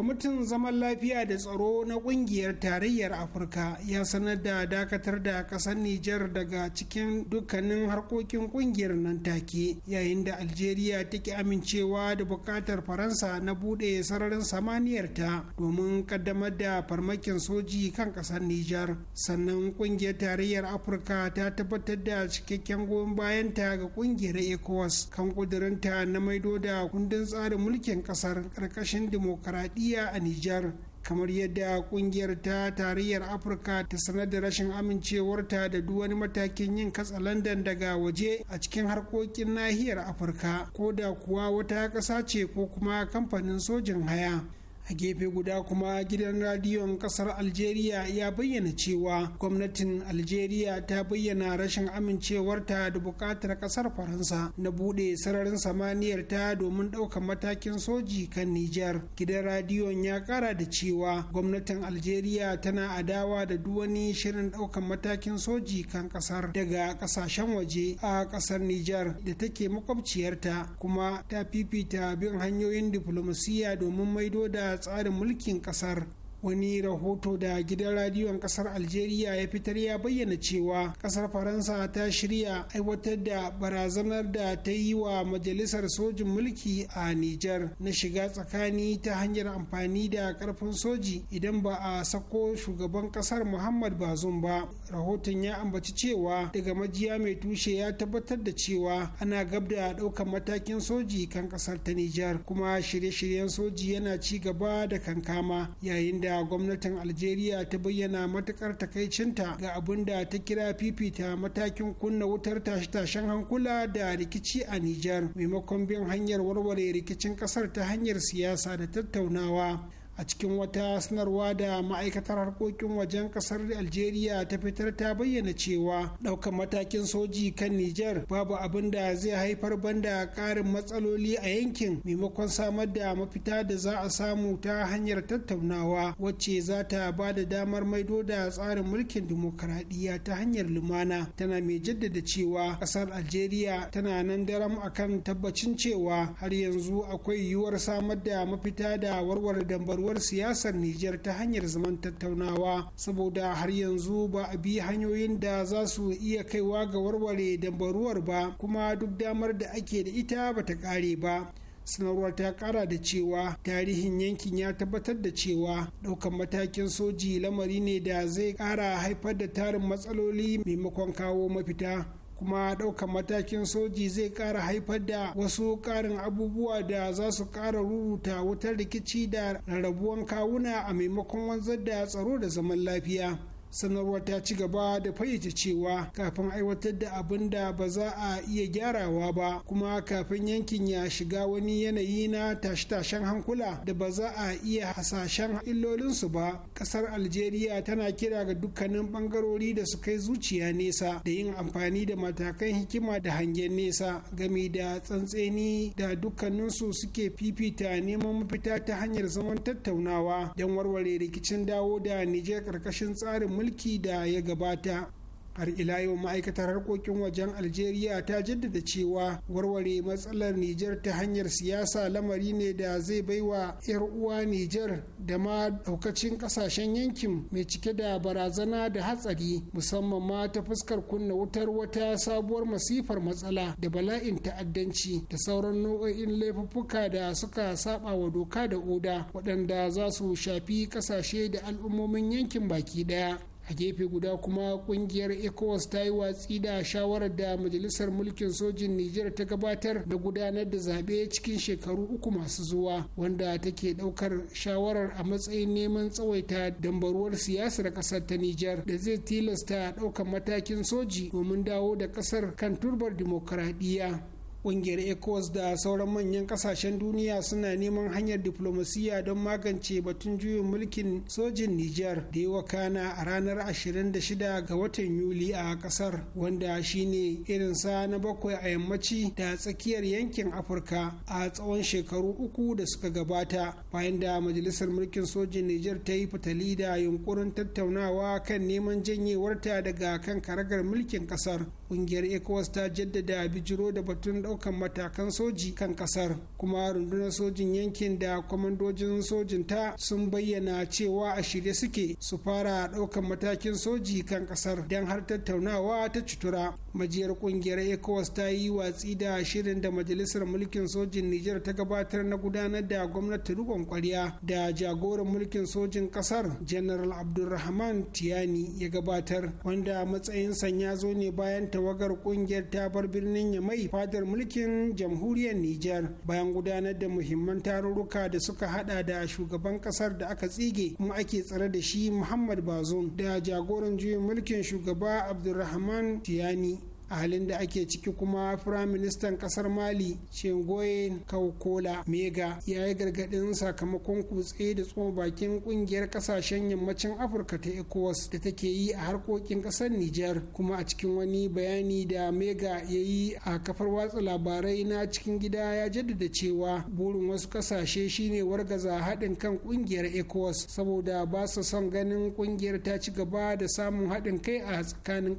kwamitin zaman lafiya da tsaro na kungiyar tarayyar afirka ya sanar da dakatar da kasar nijar daga cikin dukkanin harkokin kungiyar nan take yayin da algeria take amincewa da bukatar faransa na bude sararin samaniyar ta domin kaddamar da farmakin soji kan kasar nijar sannan kungiyar tarayyar afirka ta tabbatar da cikakken goyon bayanta ga kungiyar ecowas kan kudurinta na maido da kundin tsarin mulkin kasar karkashin dimokuraɗiyya jiya a Nijar kamar yadda kungiyar ta tarayyar afirka ta sanar da rashin amincewarta da duk wani matakin yin katsa katsalandan daga waje a cikin harkokin nahiyar afirka ko da kuwa wata ƙasa ce ko kuma kamfanin sojin haya a gefe guda kuma gidan radiyon kasar algeria ya bayyana cewa gwamnatin algeria ta bayyana rashin amincewarta da bukatar kasar faransa na bude sararin samaniyar ta domin ɗaukar matakin soji kan nijar gidan radiyon ya kara da cewa gwamnatin algeria tana adawa da duwani shirin ɗaukar matakin soji kan kasar daga ƙasashen waje a kasar nijar da take makwabciyarta kuma ta fifita bin hanyoyin diflomasiyya domin maido da tsarin mulkin kasar wani rahoto da gidan radiyon kasar algeria ya fitar ya bayyana cewa kasar faransa ta shirya aiwatar da barazanar da ta yi wa majalisar sojin mulki a Niger. na shiga tsakani ta hanyar amfani da karfin soji idan ba a sako shugaban kasar muhammad bazum ba rahoton ya ambaci cewa daga majiya mai tushe ya tabbatar da cewa ana gab da ɗaukar matakin soji kan kasar ta nijar kuma shirye-shiryen soji yana ci gaba da kankama yayin da da gwamnatin algeria ta bayyana matukar takaicinta ga abun da ta kira fifita matakin kunna wutar tashe-tashen hankula da rikici a nijar maimakon bin hanyar warware rikicin kasar ta hanyar siyasa da tattaunawa a cikin wata sanarwa da ma'aikatar harkokin wajen kasar algeria ta fitar ta bayyana cewa ɗaukar matakin soji kan niger babu abin da zai haifar banda ƙarin matsaloli a yankin maimakon samar da mafita da za a samu ta hanyar tattaunawa wacce za ta ba da damar maido da tsarin mulkin dimokuraɗiyya ta hanyar lumana tana mai jaddada cewa ƙasar algeria tana nan daram akan tabbacin cewa har yanzu akwai yiwuwar samar da mafita da warware dambarwa rayuwar siyasar Nijar ta hanyar zaman tattaunawa saboda har yanzu ba a bi hanyoyin da za su iya kaiwa ga warware dambaruwar ba kuma duk damar da ake da ita ba ta kare ba. sanarwar ta kara da cewa tarihin yankin ya tabbatar da cewa daukan matakin soji lamari ne da zai kara haifar da tarin matsaloli maimakon kawo mafita kuma ɗaukan matakin soji zai ƙara haifar da wasu ƙarin abubuwa da za su ƙara rubuta wutar rikici da rarrabuwan kawuna a maimakon wanzar da tsaro da zaman lafiya sanarwar ta ci gaba da fayyace cewa kafin aiwatar da abin da ba za a iya gyarawa ba kuma kafin yankin ya shiga wani yanayi na tashe-tashen hankula da ba za a iya hasashen illolinsu ba kasar algeria tana kira ga dukkanin bangarori da su kai zuciya nesa da yin amfani da matakan hikima da hangen nesa game da tsantseni da dukkaninsu suke fifita neman mafita ta hanyar zaman tattaunawa don warware rikicin dawo da nijar karkashin tsarin mulki da ya gabata har ila yau ma'aikatar harkokin wajen algeria ta jaddada cewa warware matsalar niger ta hanyar siyasa lamari ne da zai baiwa 'yar uwa niger da ma daukacin kasashen yankin mai cike da barazana da hatsari musamman ma ta fuskar kunna wutar wata sabuwar masifar matsala da bala'in ta'addanci da sauran nau'o'in laifuffuka da suka saba wa doka da oda waɗanda za su shafi kasashe da al'ummomin yankin baki ɗaya a gefe guda kuma kungiyar ecowas ta yi watsi da shawarar da majalisar mulkin sojin niger ta gabatar da gudanar da zaɓe cikin shekaru uku masu zuwa wanda take ɗaukar shawarar a matsayin neman tsawaita dambaruwar siyasar ƙasar ta niger da zai tilasta ɗaukar matakin soji domin dawo da ƙasar kan turbar dimokuraɗiyya Ƙungiyar Ecos, da sauran manyan ƙasashen duniya suna neman hanyar diflomasiyya don magance batun juyin mulkin sojin Niger. da yi kana a ranar 26 ga watan Yuli a ƙasar wanda shine irin sa na bakwai a yammaci da tsakiyar yankin Afirka a tsawon shekaru uku da suka gabata bayan da majalisar mulkin sojin Niger ta yi fitali da yunkurin tattaunawa kan neman janyewarta daga kan karagar mulkin ƙasar kungiyar ecowas ta jaddada bijiro da batun daukan matakan soji kan kasar kuma rundunar sojin yankin da kwamandojin sojin ta sun bayyana cewa a shirye suke su fara daukan matakin soji kan kasar don har tattaunawa ta cutura majiyar kungiyar ecowas ta yi watsi da shirin da majalisar mulkin sojin niger ta gabatar na gudanar da gwamnati rikon kwarya da jagoran mulkin sojin kasar general abdulrahman tiyani ya gabatar wanda matsayin ya zo ne bayan tawagar kungiyar ta bar birnin yamai fadar mulkin jamhuriyar niger bayan gudanar da muhimman tarurruka da suka hada da shugaban kasar da aka tsige kuma ake tsare da shi muhammad bazum da jagoran juyin mulkin shugaba abdulrahman tiyani a halin da ake ciki kuma firaministan kasar mali shingoye kaukola mega ya yi gargadin sakamakon kutse da tsoma bakin kungiyar kasashen yammacin afirka ta ecowas da take yi a harkokin kasar niger kuma a cikin wani bayani da mega ya yi a kafar watsa labarai na cikin gida ya jaddada cewa burin wasu kasashe shine wargaza haɗin kan kungiyar ecowas saboda ba su son ganin kungiyar ta ci gaba da samun haɗin kai a tsakanin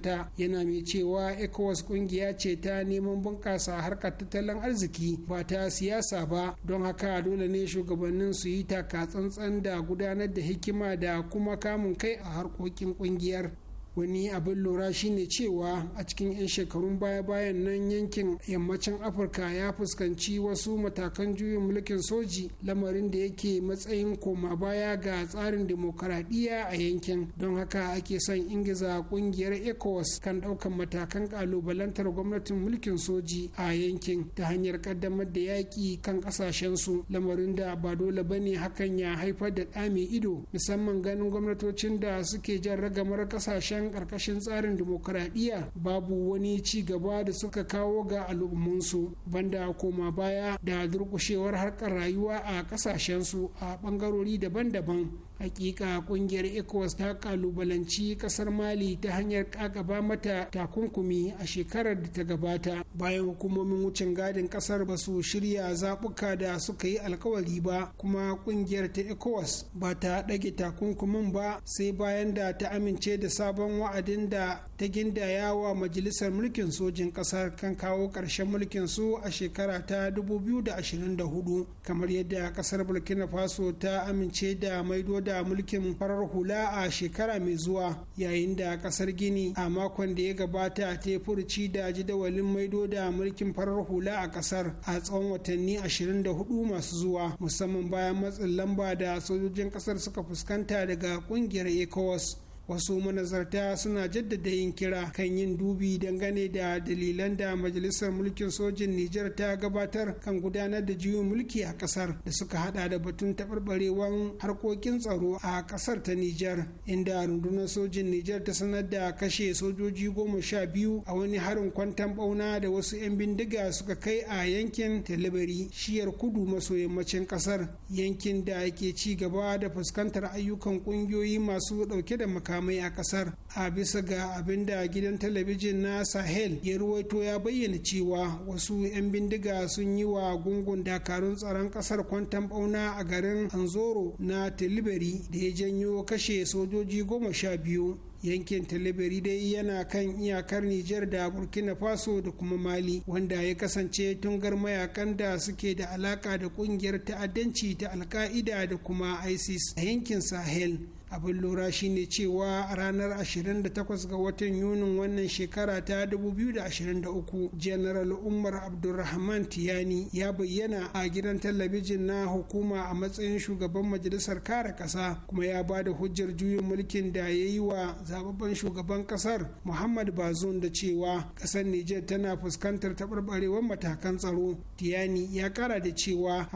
ta yana mai cewa cewa ecowas kungiya ce ta neman bunƙasa harkar tattalin arziki ba ta siyasa ba don haka dole ne shugabannin su yi taka tsantsan da gudanar da hikima da kuma kamun kai a harkokin kungiyar wani abin lura shine cewa a cikin 'yan shekarun baya-bayan nan yankin yammacin afirka ya fuskanci wasu matakan juyin mulkin soji lamarin da yake matsayin koma baya ga tsarin demokaradiyya a yankin don haka ake son ingiza kungiyar ecowas kan daukan matakan kalubalantar gwamnatin mulkin soji a yankin ta hanyar kaddamar da yaƙi kan ƙasashensu lamarin da ba dole bane hakan ya haifar da ɗa ido musamman ganin gwamnatocin da suke jan ragamar ƙasashen kenan karkashin tsarin dimokuraɗiyya babu wani ci gaba da suka kawo ga al'ummunsu banda koma baya da durƙushewar harkar rayuwa a ƙasashensu a ɓangarori daban-daban hakika kungiyar ecowas ta kalubalanci kasar mali ta hanyar kagaba mata takunkumi a shekarar da ta gabata bayan hukumomin wucin gadin kasar ba su shirya zabuka da suka yi alkawari ba kuma kungiyar ta ecowas ba ta dage takunkumin ba sai bayan da ta amince da sabon wa'adin da ta gindaya wa majalisar mulkin sojin kasar kan kawo karshen mulkin su a shekara ta 2024 kamar yadda kasar burkina faso ta amince da maido da mulkin farar hula a shekara mai zuwa yayin da kasar gini a makon da ya gabata ta furci da jadawalin maido da mulkin farar hula a kasar a tsawon watanni 24 masu zuwa musamman bayan matsin lamba da sojojin kasar suka fuskanta daga kungiyar ecowas wasu manazarta suna jaddada yin kira kan yin dubi dangane da dalilan da majalisar mulkin sojin Nijar ta gabatar kan gudanar da juyin mulki a kasar da suka hada da batun taɓarɓarewar harkokin tsaro a kasar ta Nijar inda rundunar sojin Nijar ta sanar da kashe sojoji goma sha biyu a wani harin kwantan bauna da wasu 'yan bindiga suka kai a yankin talibari shiyar kudu maso yammacin kasar yankin da ke ci gaba da fuskantar ayyukan ƙungiyoyi masu dauke da maka makamai a kasar a bisa ga abin da gidan talabijin na sahel ya ruwaito ya bayyana cewa wasu 'yan bindiga sun yi wa gungun dakarun tsaron kasar kwantan bauna a garin anzoro na tilibiri da ya janyo kashe sojoji goma sha biyu yankin talibiri dai yana kan iyakar Nijar da Burkina Faso da kuma Mali wanda ya kasance tungar mayakan da suke da alaka da kungiyar ta'addanci ta Alka'ida da kuma ISIS a yankin Sahel. abin lura shine cewa a ranar 28 ga watan yunin wannan shekara ta 2023 general umar abdulrahman tiyani ya bayyana a gidan talabijin na hukuma a matsayin shugaban majalisar kare kasa, kuma ya ba da hujjar juyin mulkin da ya yi wa zababben shugaban kasar muhammad bazoum da cewa ƙasar niger tana fuskantar taɓarɓarewar matakan tsaro tiyani ya kara da cewa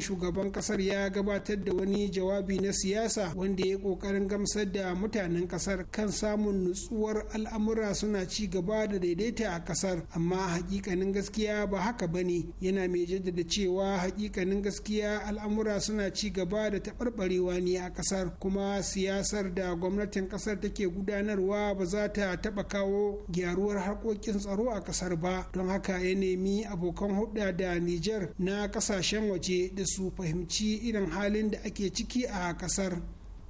shugaban ƙasar ya gabatar da wani jawabi na siyasa wanda ya ƙoƙarin gamsar da mutanen ƙasar kan samun nutsuwar al'amura suna ci gaba da daidaita a ƙasar amma hakikanin gaskiya ba haka ba ne yana mai jaddada cewa hakikanin gaskiya al'amura suna ci gaba da taɓarɓarewa ne a ƙasar kuma siyasar da gwamnatin ƙasar take gudanarwa ba za ta taɓa kawo gyaruwar harkokin tsaro a ƙasar ba don haka ya nemi abokan hulɗa da Nijar na ƙasashen waje da su fahimci irin halin da ake ciki a ƙasar.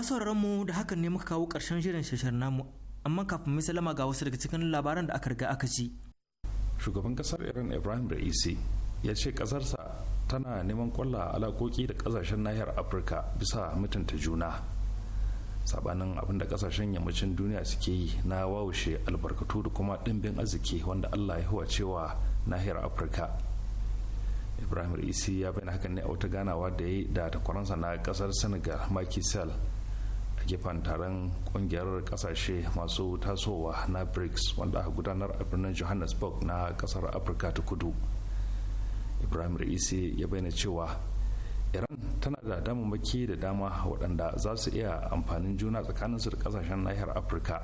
masu mu da hakan ne muka kawo ƙarshen shirin shashar namu amma kafin mai salama ga wasu daga cikin labaran da aka riga aka ci. Shugaban kasar Iran Ibrahim Raisi ya ce kasarsa tana neman kwalla alakoki da kasashen nahiyar Afirka bisa mutunta juna. Sabanin abin da kasashen yammacin duniya suke yi na wawushe albarkatu da kuma ɗimbin arziki wanda Allah ya huwa cewa nahiyar Afirka. Ibrahim Raisi ya bayyana hakan ne a wata ganawa da ya yi da takwaransa na kasar Senegal maki sel gefen taron kungiyar kasashe masu tasowa na brics wanda aka gudanar a birnin johannesburg na kasar afirka ta kudu ibrahim raisi ya bayyana cewa iran tana da damammaki da dama waɗanda za su iya amfanin juna tsakaninsu da kasashen nahiyar afirka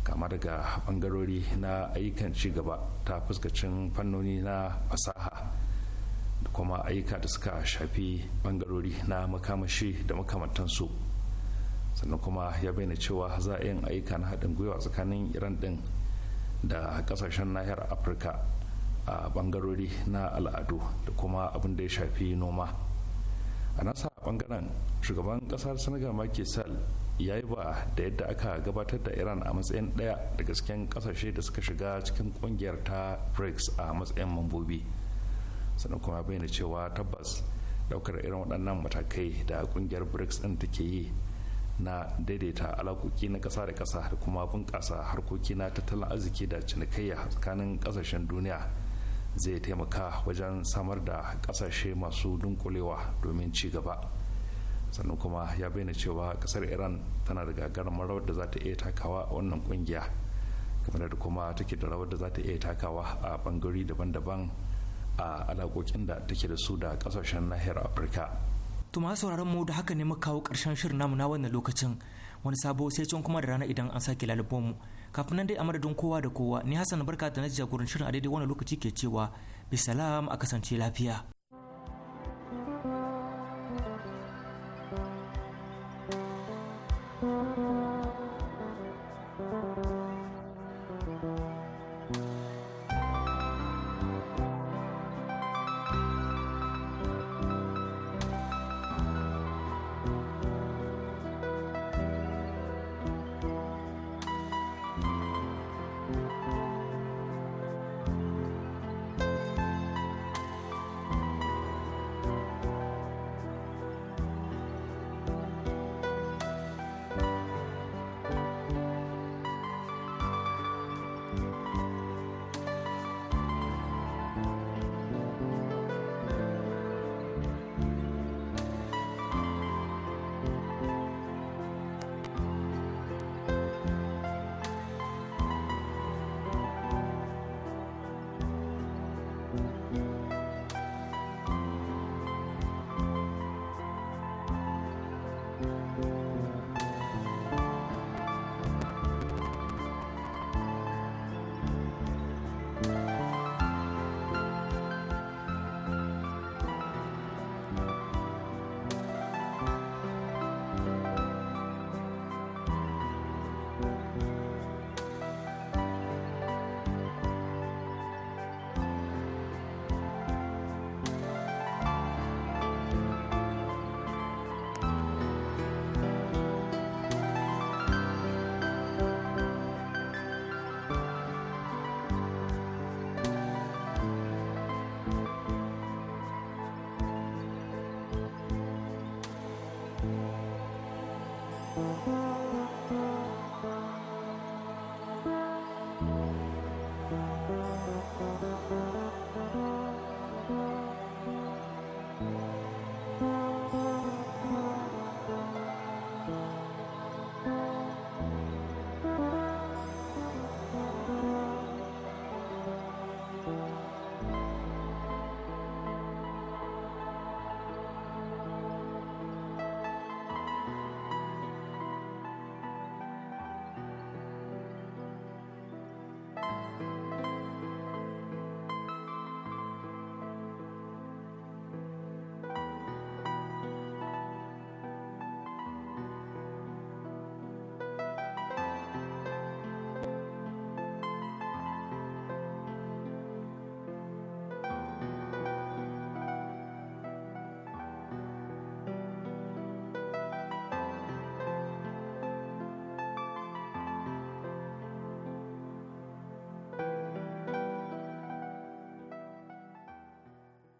kama daga bangarori na ayyukan gaba ta fuskacin fannoni na fasaha da kuma ayyuka da suka shafi bangarori na makamashi da makamantansu sannan kuma ya bayyana cewa za a yin ayyuka na haɗin gwiwa tsakanin iran ɗin da ƙasashen nahiyar afirka a ɓangarori na al'adu da kuma abin da ya shafi noma a nasa ɓangaren shugaban ƙasar senegal Macky Sall ya yi ba da yadda aka gabatar da iran a matsayin ɗaya daga cikin ƙasashe da suka shiga cikin ƙungiyar ta brics a matsayin mambobi sannan kuma bayyana cewa tabbas ɗaukar irin waɗannan matakai da ƙungiyar brics ɗin take yi na daidaita alakoki na ƙasa da ƙasa da kuma bunƙasa harkoki na tattalin arziki da cinikayya tsakanin ƙasashen duniya zai taimaka wajen samar da ƙasashe masu dunkulewa domin ci gaba sannan kuma ya bayyana cewa ƙasar iran tana da gagarumin rawar da za ta iya takawa wannan ƙungiya kamar da kuma take da rawar da za ta iya takawa a bangare daban-daban a alaƙoƙin da take da su da ƙasashen nahiyar afirka To masu sauraron mu da haka ne muka kawo ƙarshen shirin namu na wannan lokacin wani sabo sai can kuma da rana idan an sake lalubon mu. Kafin nan dai a madadin kowa da kowa ni Hassan barka da na jagorin shirin a daidai wannan lokaci ke cewa bisalam a kasance lafiya.